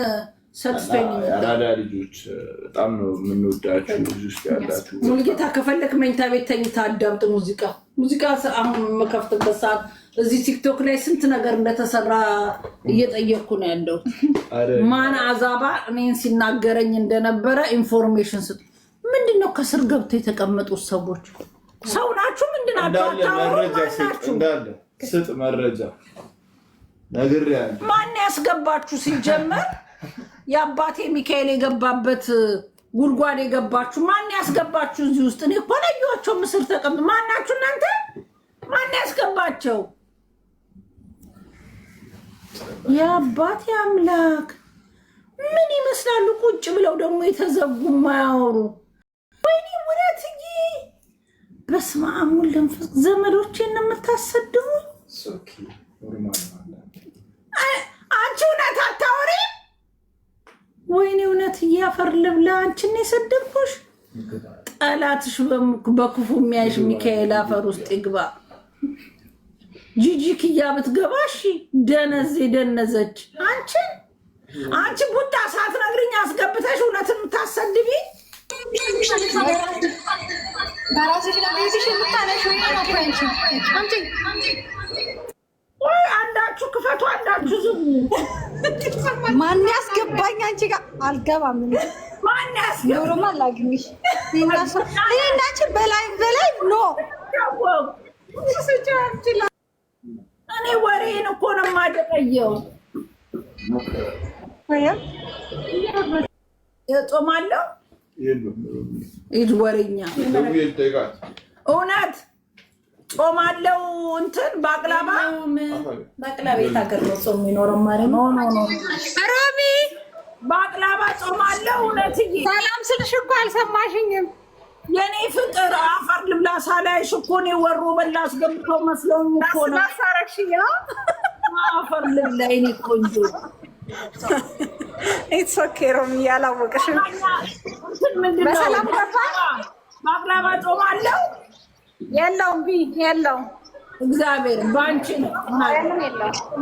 እኔን ሰጥቶኝ ያዳዳ ልጆች በጣም ነው የምንወዳችሁ። ውስጥ ያላችሁ ሙልጌታ ከፈለክ መኝታ ቤት ተኝታ አዳምጥ ሙዚቃ ሙዚቃ አሁን የምከፍትበት ሰዓት እዚህ ቲክቶክ ላይ ስንት ነገር እንደተሰራ እየጠየቅኩ ነው ያለው። ማን አዛባ እኔን ሲናገረኝ እንደነበረ ኢንፎርሜሽን ስ ምንድን ነው ከስር ገብተው የተቀመጡት ሰዎች ሰው ናችሁ? ምንድን ስጥ መረጃ ማን ያስገባችሁ ሲጀመር የአባቴ ሚካኤል የገባበት ጉድጓድ የገባችሁ ማን ያስገባችሁ እዚህ ውስጥ? እኔ እኮ ለየኋቸው ምስር ተቀምጡ። ማናችሁ እናንተ? ማን ያስገባቸው? የአባቴ አምላክ ምን ይመስላሉ? ቁጭ ብለው ደግሞ የተዘጉ ማያወሩ። ወይኔ ውረትዬ፣ በስመ አብ ወወልድ ወመንፈስ ቅዱስ። ዘመዶቼን ነው የምታሰድቡኝ አንቺ እውነታ ወይኔ እውነት እያፈር ልብላ። አንቺን የሰደብኩሽ ጠላትሽ በክፉ የሚያይሽ ሚካኤል አፈር ውስጥ ይግባ። ጂጂ ክያ ብትገባሽ ደነዝ ደነዘች። አንቺን አንቺ ቡታ ሳትነግሪኝ አስገብተሽ እውነት የምታሰድቢ በራስሽ ብላችሁ ክፈቱ። አንዳችሁ ዝሙ። ማን ያስገባኝ አንቺ ጋር አልገባም። ማን ያስገባኝ አላግኝሽ። እናንቺ በላይ በላይ ኖ እኔ ወሬን እኮ ነው የማደቀየው። እጾማለሁ። ወሬኛ እውነት ጾማለው እንትን ባቅላባ ባቅላባ የታገር ነው ጾም የሚኖረው ማለት ነው። ሮሚ ባቅላባ ጾማለው። እውነትዬ ሰላም ስልሽ እኮ አልሰማሽኝም። የኔ ፍቅር አፈር ልብላ ሳላይሽ እኮ እኔ ወሮ በላ አስገብቶ መስሎኝ እኮ ነው። ሳረግሽኝ አፈር ልብላ የኔ ቆንጆ። ኢትስ ኦኬ ሮሚ ያላወቅሽም በሰላም ገባ። ባቅላባ ጾማለው የለውም ቢ የለውም እግዚአብሔር በአንቺ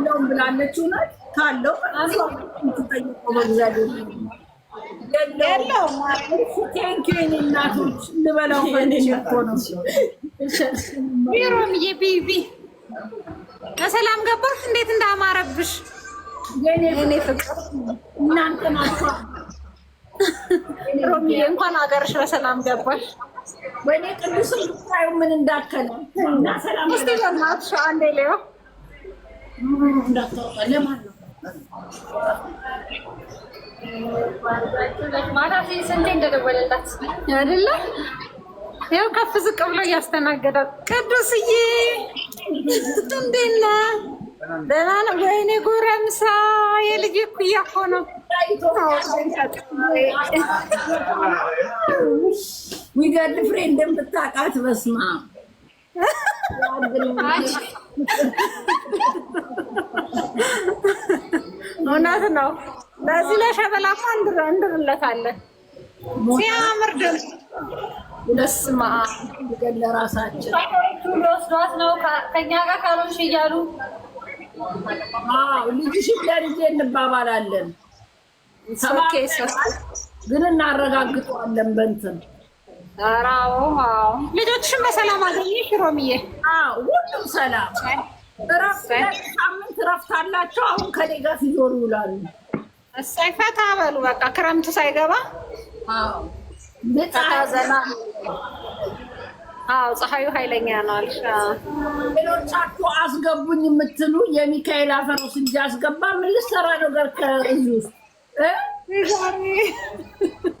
ነው ብላለች። እውነት ካለው እናቶች ልበላው ቢሮምዬ በሰላም ገባሽ? እንዴት እንዳማረብሽ የኔ ፍቅር እናንተ እንኳን ሀገርሽ በሰላም ገባሽ። ወይኔ ቅዱስ ብታዩ ምን እንዳከለ እና ሰላም እስቲ ለማትሽ አንዴ ሌዮ እንዳታወቀ ለማን ነው ማታ ስንቴ እንደደወለላት አይደለ? ያው ከፍ ዝቅ ብሎ እያስተናገዳት ቅዱስዬ እንዴት ነህ? ደህና ነው። ወይኔ ጎረምሳ የልጅ እኩያ እኮ ነው። ሚገድል ፍሬ እንደምታውቃት በስማ እውነት ነው። በዚህ ላይ ለሸበላ እንድርለታለን። ሲያምር ደስ ድምፅ ለስማ ለራሳችን ወስዷት ነው ከኛ ጋር ካሎች እያሉ ልጅሽ ለልጄ እንባባላለን፣ ግን እናረጋግጠዋለን በእንትን ልጆችሽን በሰላም አገኘሽ ሮሚዬ? ሁሉም ሰላም ሳምንት እረፍት አላቸው። አሁን ከኔ ጋር ሲዞሩ ይውላሉ። እሰይ ፈታ በሉ በቃ ክረምቱ ሳይገባ ዘና። አዎ ፀሐዩ ኃይለኛ ነው አልሽ። ሌሎቻችሁ አስገቡኝ የምትሉ የሚካኤል አፈሮስ እንጂ አስገባ ምን ልትሰራ ነገር ከእዚህ ውስጥ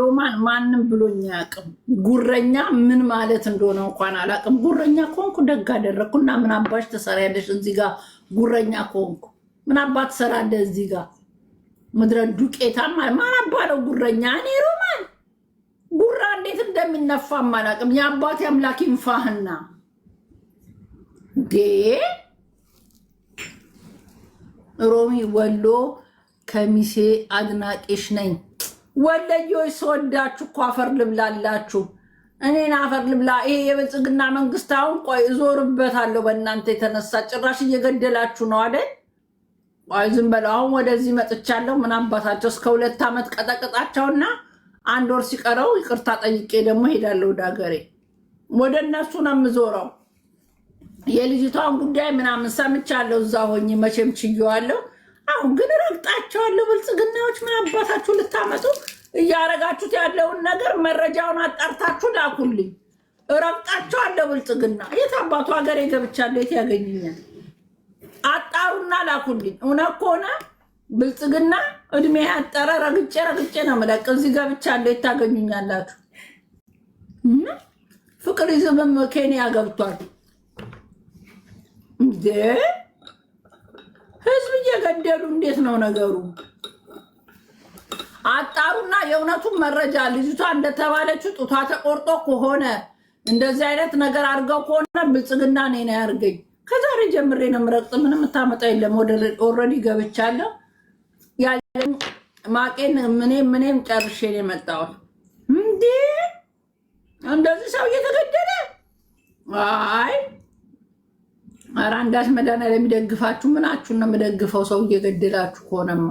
ሮማን ማንም ብሎኛ ያቅም ጉረኛ ምን ማለት እንደሆነ እንኳን አላቅም ጉረኛ ከሆንኩ ደግ አደረግኩ እና ምን አባሽ ትሰሪያለሽ እዚህ ጋር? ጉረኛ ከሆንኩ ምን አባት ትሰራለ እዚህ ጋር? ምድረ ዱቄታ ማን አባለው ጉረኛ። እኔ ሮማን ጉራ እንዴት እንደሚነፋም አላቅም የአባቴ አምላክ ይንፋህና ዴ ሮሚ ወሎ ከሚሴ አድናቂሽ ነኝ። ወለዮች ስወዳችሁ እኮ አፈር ልብላላችሁ። እኔን አፈር ልብላ። ይሄ የብልጽግና መንግስት አሁን ቆይ እዞርበታለሁ በእናንተ የተነሳ ጭራሽ እየገደላችሁ ነው አይደል? ቆይ ዝም በለው። አሁን ወደዚህ መጥቻለሁ። ምን አባታቸው እስከ ሁለት ዓመት ቀጠቅጣቸውና አንድ ወር ሲቀረው ይቅርታ ጠይቄ ደግሞ ሄዳለሁ ወደ ሀገሬ። ወደ እነሱ ነው የምዞረው። የልጅቷን ጉዳይ ምናምን ሰምቻለሁ። እዛ ሆኜ መቼም ችየዋለሁ። አሁን ግን ረግጣቸዋለሁ። ብልጽግናዎች ምን አባታችሁ ልታመጡ እያረጋችሁት ያለውን ነገር መረጃውን አጣርታችሁ ላኩልኝ። ረግጣቸዋለሁ። ብልጽግና የት አባቱ ሀገሬ ገብቻለሁ? የት ያገኘኛል? አጣሩና ላኩልኝ። እውነት ከሆነ ብልጽግና እድሜ ያጠረ ረግጬ ረግጬ ነው የምለቅ። እዚህ ገብቻለሁ፣ የት ታገኙኛላችሁ? ፍቅር ኬንያ ገብቷል እንዴ? ህዝብ እየገደሉ እንዴት ነው ነገሩ? አጣሩና የእውነቱን መረጃ ልጅቷ እንደተባለችው ጡቷ ተቆርጦ ከሆነ እንደዚህ አይነት ነገር አድርገው ከሆነ ብልጽግና እኔን ያርገኝ። ከዛሬ ጀምሬ ነው የምረግጥ። ምንም እታመጣ የለም። ኦልሬዲ ገብቻለሁ። ያለኝ ማቄን ምኔም ምኔም ጨርሼ ነው የመጣሁት። እንደዚህ ሰው እየተገደለ አይ ኧረ አንዳች መድኃኒዓለም የሚደግፋችሁ ምናችሁን ነው የምደግፈው? ሰው እየገደላችሁ ከሆነማ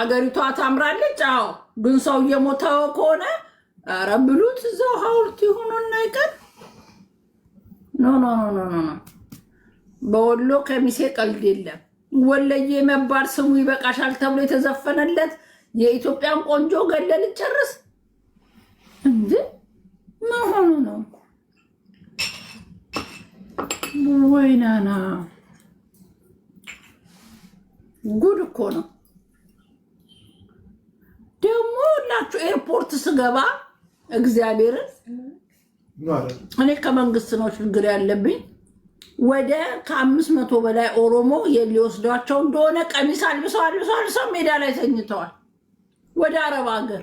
አገሪቷ ታምራለች። አዎ፣ ግን ሰው እየሞተው ከሆነ ኧረ ብሉት እዛው ሀውልት የሆኑና ይቀር ኖ ኖ ኖ ኖ ኖ። በወሎ ከሚሴ ቀልድ የለም። ወለየ መባል ስሙ ይበቃሻል ተብሎ የተዘፈነለት የኢትዮጵያን ቆንጆ ገለል ጨርስ እንዴ ወይናና ጉድ እኮ ነው ደግሞ ሁላችሁ። ኤርፖርት ስገባ እግዚአብሔርን እኔ ከመንግስት ነው ችግር ያለብኝ። ወደ ከአምስት መቶ በላይ ኦሮሞ የሊወስዷቸው እንደሆነ ቀሚስ አልብሰው አልብሰው አልብሰው ሜዳ ላይ ተኝተዋል ወደ አረብ ሀገር